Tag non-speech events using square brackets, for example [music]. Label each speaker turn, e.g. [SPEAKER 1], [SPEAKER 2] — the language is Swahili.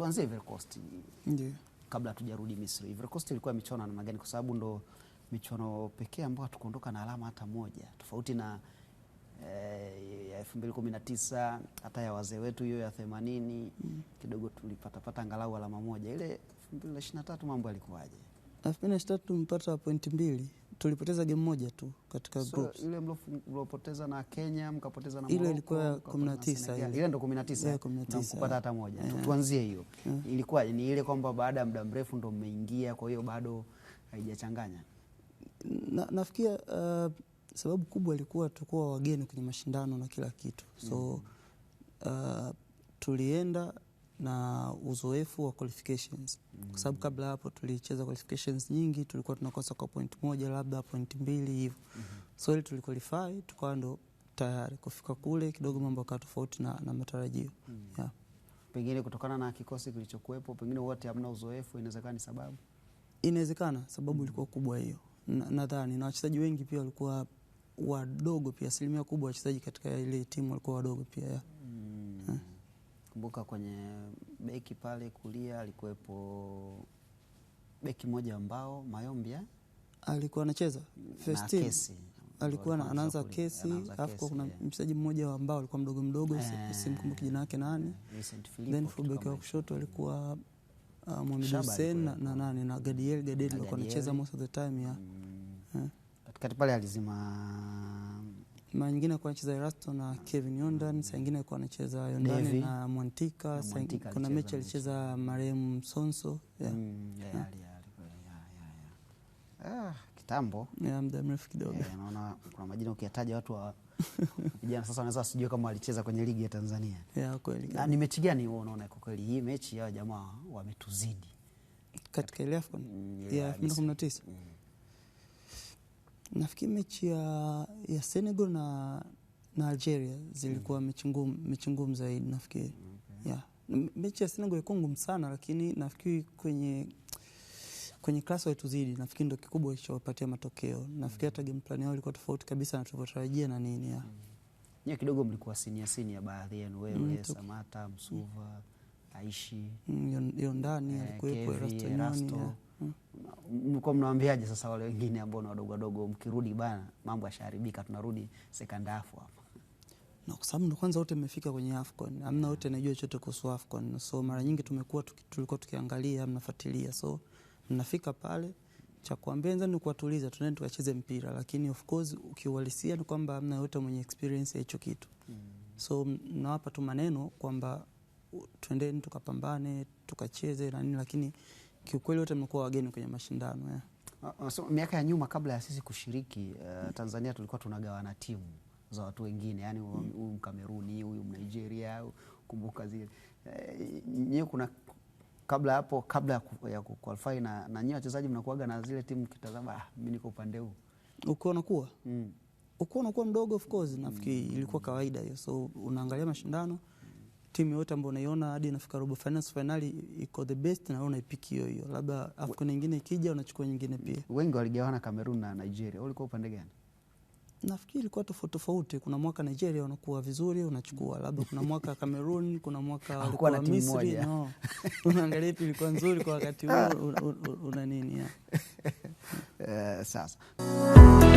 [SPEAKER 1] tuanzie Ivory Coast. Kabla hatujarudi Misri. Ivory Coast ilikuwa michuano na magani kwa sababu ndo michuano pekee ambayo hatukuondoka na alama hata moja tofauti na eh, na 2019 hata ya wazee wetu hiyo ya 80 mm. kidogo tulipatapata angalau alama moja. Ile 2023 mambo yalikuwaje?
[SPEAKER 2] 2023 tumepata pointi mbili tulipoteza game moja tu katika so, groups.
[SPEAKER 1] Ile mlopoteza na Kenya mkapoteza na Morocco.
[SPEAKER 2] Ile ilikuwa 19
[SPEAKER 1] ile. ndo 19.
[SPEAKER 2] Yeah, 19.
[SPEAKER 1] Kupata hata moja. Yeah. Tuanzie hiyo. Yeah. Ilikuwa ni ile kwamba baada ya muda mrefu ndo mmeingia kwa hiyo bado haijachanganya.
[SPEAKER 2] Na, nafikia uh, sababu kubwa ilikuwa tukuwa wageni kwenye mashindano na kila kitu. So mm. uh, tulienda na uzoefu wa qualifications Kwa sababu mm. kabla hapo tulicheza qualifications nyingi, tulikuwa tunakosa kwa point moja labda point mbili hivyo mm -hmm. So ile tulikwalify tukawa ndo tayari kufika kule, kidogo mambo yakawa tofauti na, na matarajio mm. yeah.
[SPEAKER 1] Pengine kutokana na kikosi kilichokuwepo, pengine wote hamna uzoefu, inawezekana ni sababu,
[SPEAKER 2] inawezekana sababu ilikuwa mm. ilikuwa kubwa hiyo, nadhani na, na wachezaji wengi pia walikuwa wadogo pia, asilimia kubwa wachezaji katika ile timu walikuwa wadogo pia yeah.
[SPEAKER 1] Kumbuka kwenye beki pale kulia alikuwepo beki moja ambao Mayombi eh?
[SPEAKER 2] alikuwa anacheza Festin, alikuwa anaanza kesi, alafu kuna mchezaji mmoja wa mbao alikuwa mdogo mdogo, eh. simkumbuki jina lake nani, then fullback wa kushoto alikuwa uh, Mohamed Hussein na nani na Gadiel, Gadiel alikuwa anacheza most of the time ya mm.
[SPEAKER 1] eh. katikati pale alizima
[SPEAKER 2] mara nyingine alikuwa anacheza Erasto na Kevin Yondan, mm. saa nyingine alikuwa anacheza Yondani na Mwantika, kuna mechi alicheza marehemu Sonso kitambo, muda mrefu kidogo.
[SPEAKER 1] Naona kuna majina ukiyataja watu wa [laughs] vijana sasa wanaweza wasijue kama walicheza kwenye ligi ya Tanzania. Ni mechi gani wewe unaona kwa kweli hii mechi ya jamaa wametuzidi
[SPEAKER 2] katika ile AFCON mm, ya 2019? Nafikiri mechi ya, ya Senegal na, na Algeria zilikuwa mm. mechi ngumu zaidi nafikiri. Mm, okay. Yeah. Mechi ya Senegal ilikuwa ngumu sana lakini nafikiri kwenye kwenye klasi walituzidi, nafikiri ndo kikubwa kilichowapatia matokeo. Nafikiri hata mm. game plan yao ilikuwa tofauti kabisa na tulivyotarajia na nini. Yeah.
[SPEAKER 1] nye mm. kidogo mlikuwa sinia sinia baadhi yenu wewe, mm, Samata, Msuva, mm. Aishi.
[SPEAKER 2] Mm, Yondani eh, alikuwepo Eraston
[SPEAKER 1] mlikuwa mnawaambiaje sasa wale wengine ambao ni wadogo wadogo, mkirudi bana, mambo yashaharibika, tunarudi second half hapa?
[SPEAKER 2] No, kwa sababu ndo kwanza wote mmefika kwenye Afcon, amna wote anajua chochote kuhusu Afcon, so mara nyingi tumekuwa tulikuwa tukiangalia, mnafuatilia, so mnafika pale cha kuambia wenzani kuwatuliza, tunaenda tukacheze mpira, lakini of course ukiuhalisia ni kwamba amna yote mwenye experience ya hicho kitu mm. So nawapa tu maneno kwamba twendeni tukapambane tukacheze na nini, lakini kiukweli wote mmekuwa wageni kwenye mashindano ya.
[SPEAKER 1] Uh, uh, so, miaka ya nyuma kabla ya sisi kushiriki uh, Tanzania tulikuwa tunagawana timu za watu wengine, yani huyu mm. Mkameruni, huyu Mnigeria, kumbuka zile eh, nyewe. Kuna kabla hapo, kabla ya kuqualify na, na nyewe wachezaji mnakuaga na zile timu kitazama, ah, mimi niko upande huu,
[SPEAKER 2] ukiwa unakuwa mm. ukiwa unakuwa mdogo, of course nafikiri mm. ilikuwa kawaida hiyo, so unaangalia mashindano timu yote ambayo unaiona hadi inafika robo finals finali iko the best, na wewe unaipiki hiyo hiyo, labda AFCON nyingine ikija unachukua nyingine pia.
[SPEAKER 1] Wengi waligawana Cameroon na Nigeria, ulikuwa upande gani?
[SPEAKER 2] Nafikiri ilikuwa tofauti tofauti. Kuna mwaka Nigeria unakuwa vizuri unachukua, labda kuna mwaka Cameroon, kuna mwaka
[SPEAKER 1] walikuwa [laughs] na Misri
[SPEAKER 2] no. [laughs] Unaangalia ipi ilikuwa nzuri kwa wakati huo, una nini?
[SPEAKER 1] Uh, [laughs] sasa